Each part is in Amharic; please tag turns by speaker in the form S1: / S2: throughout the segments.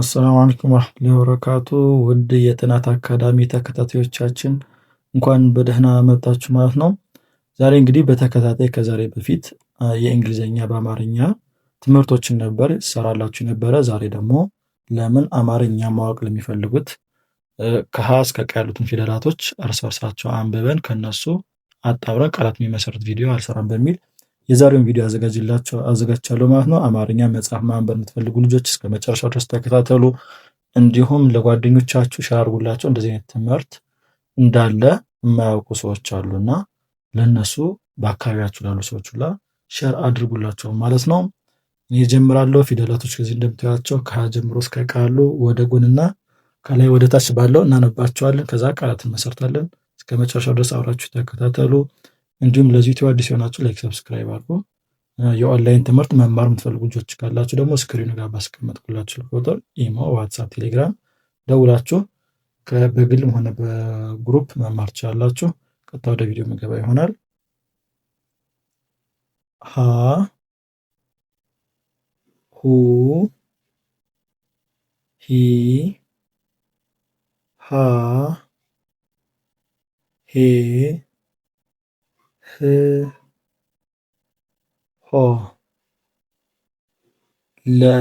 S1: አሰላሙ አለይኩም ወራህመቱላሂ ወበረካቱ ውድ የጥናት አካዳሚ ተከታታዮቻችን እንኳን በደህና መጣችሁ ማለት ነው። ዛሬ እንግዲህ በተከታታይ ከዛሬ በፊት የእንግሊዝኛ በአማርኛ ትምህርቶችን ነበር ሰራላችሁ ነበረ። ዛሬ ደግሞ ለምን አማርኛ ማወቅ ለሚፈልጉት ከሀ እስከ ቀ ያሉትን ፊደላቶች እርስ በርሳቸው አንብበን ከነሱ አጣብረን ቃላት የሚመሰርት ቪዲዮ አልሰራም በሚል የዛሬውን ቪዲዮ አዘጋጅላቸው አዘጋጅቻለሁ ማለት ነው። አማርኛ መጽሐፍ ማንበብ የምትፈልጉ ልጆች እስከ መጨረሻው ድረስ ተከታተሉ። እንዲሁም ለጓደኞቻችሁ ሻር አድርጉላቸው። እንደዚህ አይነት ትምህርት እንዳለ የማያውቁ ሰዎች አሉና ለነሱ በአካባቢያችሁ ላሉ ሰዎች ሁላ ሸር አድርጉላቸው ማለት ነው። እኔ ጀምራለሁ። ፊደላቶች ከዚህ እንደምታያቸው ከሀ ጀምሮ እስከ ቃሉ ወደ ጎንና ከላይ ወደ ታች ባለው እናነባቸዋለን። ከዛ ቃላት እንመሰርታለን። እስከ መጨረሻው ድረስ አብራችሁ ተከታተሉ። እንዲሁም ለዚህ ዩቲዩብ አዲስ የሆናችሁ ላይክ፣ ሰብስክራይብ አድርጎ የኦንላይን ትምህርት መማር የምትፈልጉ ልጆች ካላችሁ ደግሞ ስክሪኑ ጋር ባስቀመጥኩላችሁ ቁጥር ኢሞ፣ ዋትሳፕ፣ ቴሌግራም ደውላችሁ በግልም ሆነ በግሩፕ መማር ትችላላችሁ። ቀጥታ ወደ ቪዲዮ መገባ ይሆናል። ሀ ሁ ሂ ሃ ሄ ህ ሆ ለ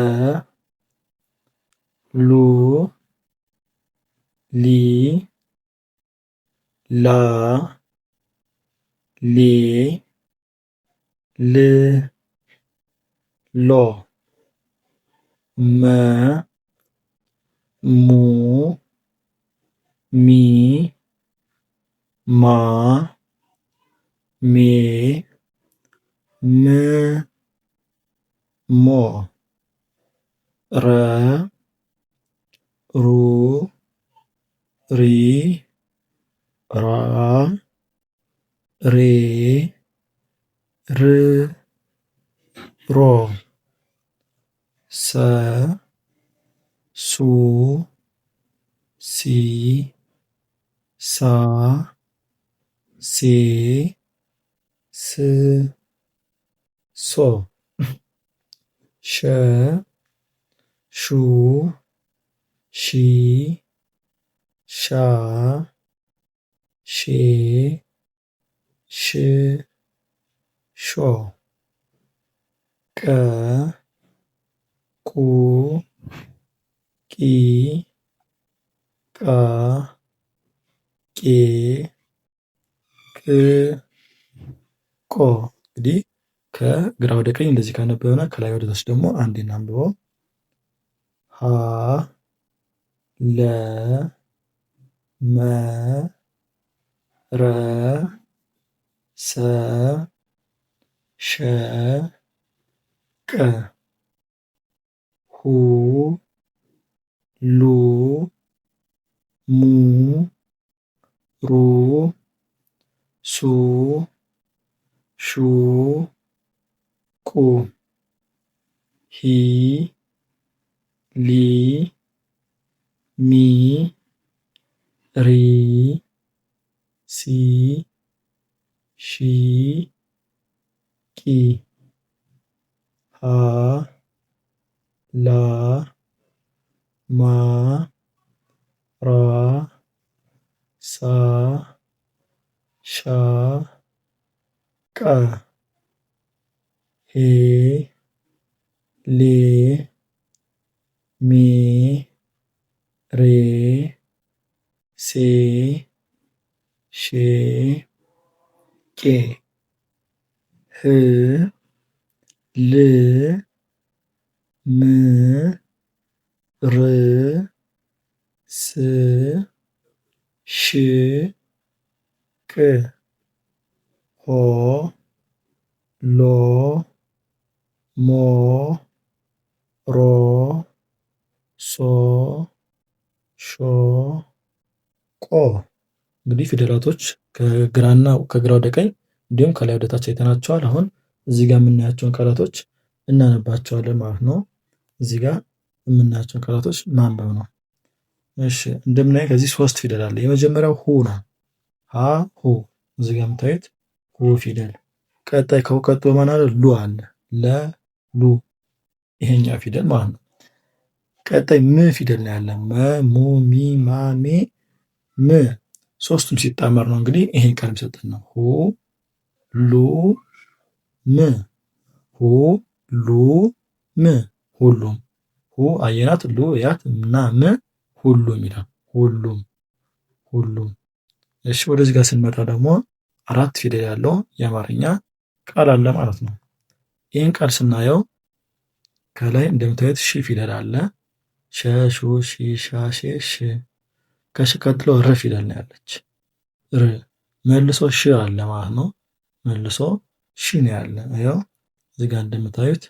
S1: ሉ ሊ ላ ሌ ል ሎ መ ሙ ሚ ማ ሜ ም ሞ ረ ሩ ሪ ራ ሬ ር ሮ ሰ ሱ ሲ ሳ ሴ ስ ሶ ሸ ሹ ሺ ሻ ሼ ሽ ሾ ቀ ቁ ቂ ቃ ቄ ቅ ቆ እንግዲህ ከግራ ወደ ቀኝ እንደዚህ ካነበብነ ከላይ ወደ ታች ደግሞ አንዴ እናንብበው። ሀ ለ መ ረ ሰ ሸ ቀ ሁ ሉ ሙ ሩ ሱ ሹ ቁ ሂ ሊ ሚ ሪሲ ሺ ቂ ሃ ላ ማ ራ ሳ ሻ ቃ ሄ ሌ ሚ ሬ ሴ ሼ ቄ ህ ል ም ር ስ ሽ ቅ ኦ ሎ ሞ ሮ ሶ ሾ ቆ እንግዲህ ፊደላቶች ከግራና ከግራ ወደ ቀኝ እንዲሁም ከላይ ወደታች ታች አይተናቸዋል። አሁን እዚህ ጋር የምናያቸውን ቃላቶች እናነባቸዋለን ማለት ነው። እዚህ ጋር የምናያቸውን ቃላቶች ማንበብ ነው። እሺ እንደምናየው ከዚህ ሶስት ፊደል አለ። የመጀመሪያው ሁ ነው። ሀ ሁ እዚህ ጋር የምታዩት ኩ ፊደል። ቀጣይ ከውቀት በማን አለ ሉ አለ ለ ሉ ይሄኛ ፊደል ማለት ነው። ቀጣይ ም ፊደል ነው ያለ መ ሙ ሚ ማ ሜ ም ሶስቱም ሲጣመር ነው እንግዲህ ይሄን ቃል የሚሰጠን ነው። ሁ ሉ ም ሁ ሉ ም ሁሉም ሁ አየናት ሉ ያት እና ም ሁሉም ይላል። ሁሉም ሁሉም። እሺ ወደዚህ ጋር ስንመጣ ደግሞ አራት ፊደል ያለው የአማርኛ ቃል አለ ማለት ነው። ይህን ቃል ስናየው ከላይ እንደምታዩት ሺ ፊደል አለ። ሸ፣ ሹ፣ ሺ፣ ሻ፣ ሼ፣ ሽ። ከሺ ቀጥሎ ር ፊደል ነው ያለች። ር መልሶ ሺ አለ ማለት ነው። መልሶ ሺ ነው ያለ። ያው እዚህ ጋር እንደምታዩት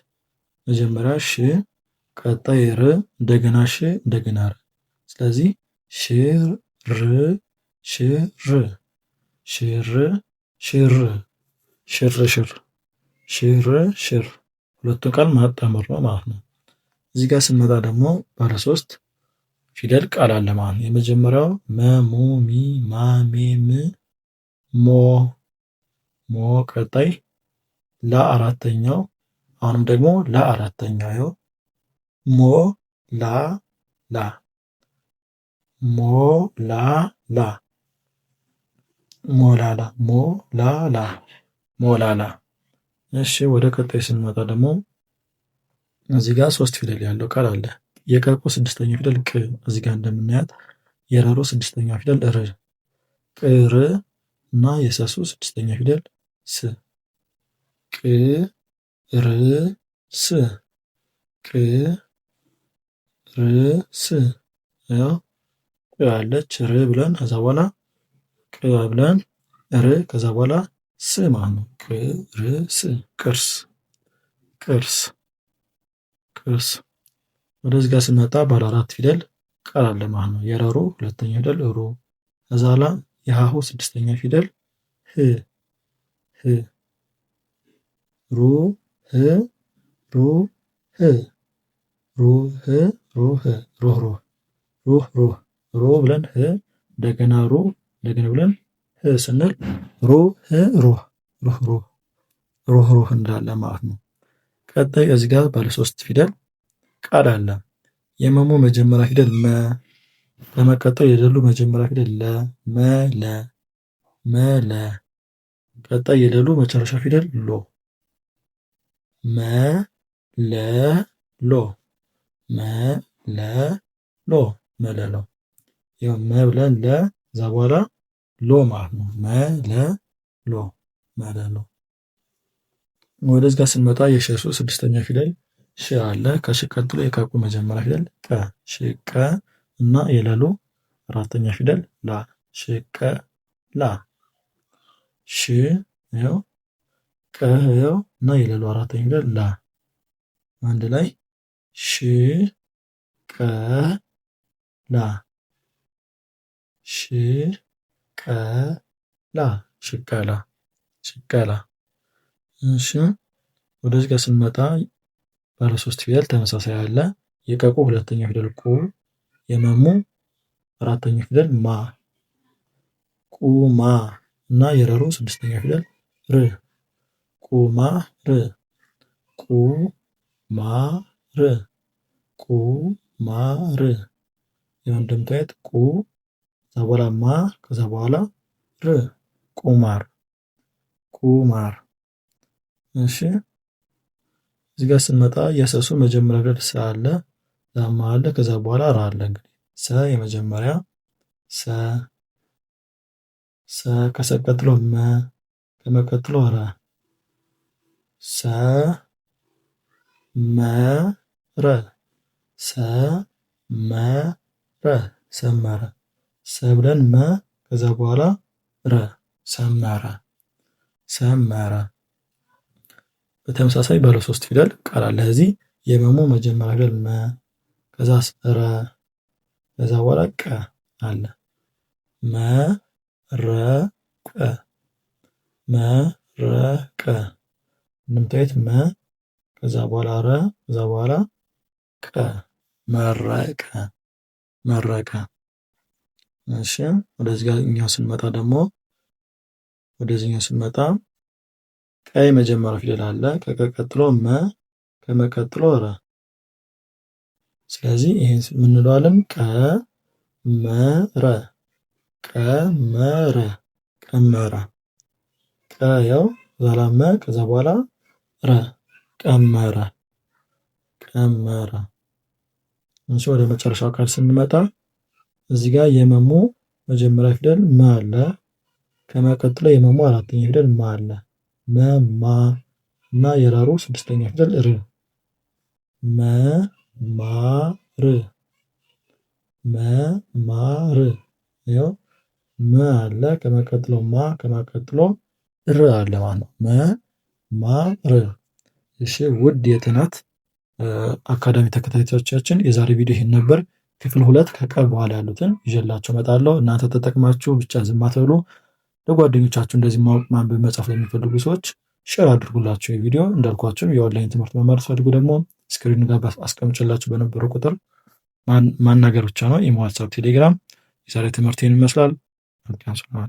S1: መጀመሪያ ሺ፣ ቀጣይ ር፣ እንደገና ሺ፣ እንደገና ር። ስለዚህ ሺ፣ ር፣ ሺ፣ ር፣ ሺ፣ ር ሽር ሽርሽር ሽር ሁለቱ ቃል ማጣመር ነው ማለት ነው። እዚህ ጋር ስንመጣ ደግሞ ባለ ሶስት ፊደል ቃል አለ ማለት ነው። የመጀመሪያው ሙ ሚ ም ሞ ሞ ቀጣይ አራተኛው አሁንም ደግሞ አራተኛው ይኸው ሞ ላ ላ ሞ ላ ላ ሞላላ ሞላላ ሞላላ። እሺ ወደ ቀጣይ ስንመጣ ደግሞ እዚህ ጋር ሶስት ፊደል ያለው ቃል አለ። የቀቁ ስድስተኛ ፊደል ቅ እዚህ ጋር እንደምናያት የረሩ ስድስተኛ ፊደል ር ቅር እና የሰሱ ስድስተኛ ፊደል ስ ቅ ር ስ ቅ ር ስ ያው ያለች ር ብለን ከዛ በኋላ ቅ ብለን ር ከዛ በኋላ ስ ማለት ነው። ቅ ስ ቅርስ ቅርስ ቅርስ። ወደዚህ ጋር ስንመጣ ባለ አራት ፊደል ቀር አለ ማለት ነው። የረሩ ሁለተኛ ፊደል ሩ ከዛ በኋላ የሀሁ ስድስተኛ ፊደል ህ ህ ሩ ህ ሩ ህ ሩ ህ ሩ ህ ሩህ ሩህ ሩህ ሩህ ሩ ብለን ህ እንደገና ሩ እንደገና ብለን ህ ስንል ሮ ሩህ ሩህ ሩህ ሩህ ሩህ እንላለን ማለት ነው። ቀጣይ እዚህ ጋር ባለ ሶስት ፊደል ቃል አለ። የመሙ መጀመሪያ ፊደል መ፣ በመቀጠል የደሉ መጀመሪያ ፊደል ለ መ ለ መ ለ። ቀጣይ የደሉ መጨረሻ ፊደል ሎ መ ለ ሎ መ ለ ሎ መለሎ ይኸው መ ብለን ለ እዛ በኋላ ሎ ማለት ነው። መለሎ መለሎ። ወደዚህ ጋር ስንመጣ የሸሱ ስድስተኛ ፊደል ሽ አለ። ከሽ ቀጥሎ የቀቁ መጀመሪያ ፊደል ቀ ሽቀ እና የለሉ አራተኛ ፊደል ላ ሽቀ ላ ሽ ው ቀ ው እና የለሉ አራተኛ ፊደል ላ አንድ ላይ ሽ ቀ ላ ሽቀላ ሽቀላ ሽቀላ እሺ ወደዚህ ጋር ስንመጣ ባለ ፊደል ተመሳሳይ አለ። የቀቁ ሁለተኛ ፊደል ቁ፣ የመሙ አራተኛ ፊደል ማ፣ ቁማ እና የረሩ ስድስተኛ ፊደል ር ቁማ ር ማ ር ማ ር የወንድምታየት ቁ በኋላ ማ ከዛ በኋላ ር ቁማር ቁማር። እሺ እዚህ ጋር ስንመጣ የሰሱ መጀመሪያ ፊደል ሰ አለ፣ ዛማ አለ፣ ከዛ በኋላ ራ አለ። እንግዲህ ሰ የመጀመሪያ ሰ ሰ ከሰቀጥሎ መ ከመቀጥሎ ረ ሰ መ ረ ሰ መ ረ ሰመረ ሰ ብለን መ ከዛ በኋላ ረ ሰመረ ሰመረ። በተመሳሳይ ባለ ሶስት ፊደል ቃል አለ። እዚህ የመሙ መጀመሪያ ፊደል መ ከዛ ረ ከዛ በኋላ ቀ አለ። ረ ቀ እንደምታዩት መ ከዛ በኋላ ረ ከዛ በኋላ ቀ መረቀ መረቀ እሺ ወደዚህ ጋር እኛው ስንመጣ ደግሞ ወደዚህኛው ስንመጣ ቀይ መጀመሪያ ፊደል አለ። ከቀ መ፣ ከመ ቀጥሎ ረ። ስለዚህ ይሄን ምንለዋለን? መ ረ ቀ መ ረ፣ ቀመረ፣ ቀመረ። ቀ ያው ዛላ መ ከዛ በኋላ ረ፣ ቀመረ፣ ቀመረ። እንሺ ወደ መጨረሻው ቃል ስንመጣ እዚህ ጋር የመሙ መጀመሪያ ፊደል መ አለ። ከመቀጥሎ የመሙ አራተኛ ፊደል ማ መማ እና የራሩ ስድስተኛ ፊደል ር መማር መማር ይኸው መ አለ ከመቀጥሎ ማ ከመቀጥሎ ር አለ ማለት ነው። መማር እሺ ውድ የጥናት አካዳሚ ተከታታዮቻችን የዛሬ ቪዲዮ ይህን ነበር። ክፍል ሁለት ከቀብ በኋላ ያሉትን ይላቸው እመጣለሁ። እናንተ ተጠቅማችሁ ብቻ ዝም አትበሉ። ለጓደኞቻችሁ እንደዚህ ማወቅ ማንበብ መጻፍ ለሚፈልጉ ሰዎች ሼር አድርጉላቸው የቪዲዮ እንዳልኳችሁም የኦንላይን ትምህርት መማር ትፈልጉ ደግሞ ስክሪኑ ጋር አስቀምጭላችሁ በነበረው ቁጥር ማናገር ብቻ ነው። ኢሞ፣ ዋትሳፕ፣ ቴሌግራም። የዛሬ ትምህርት ይህን ይመስላል።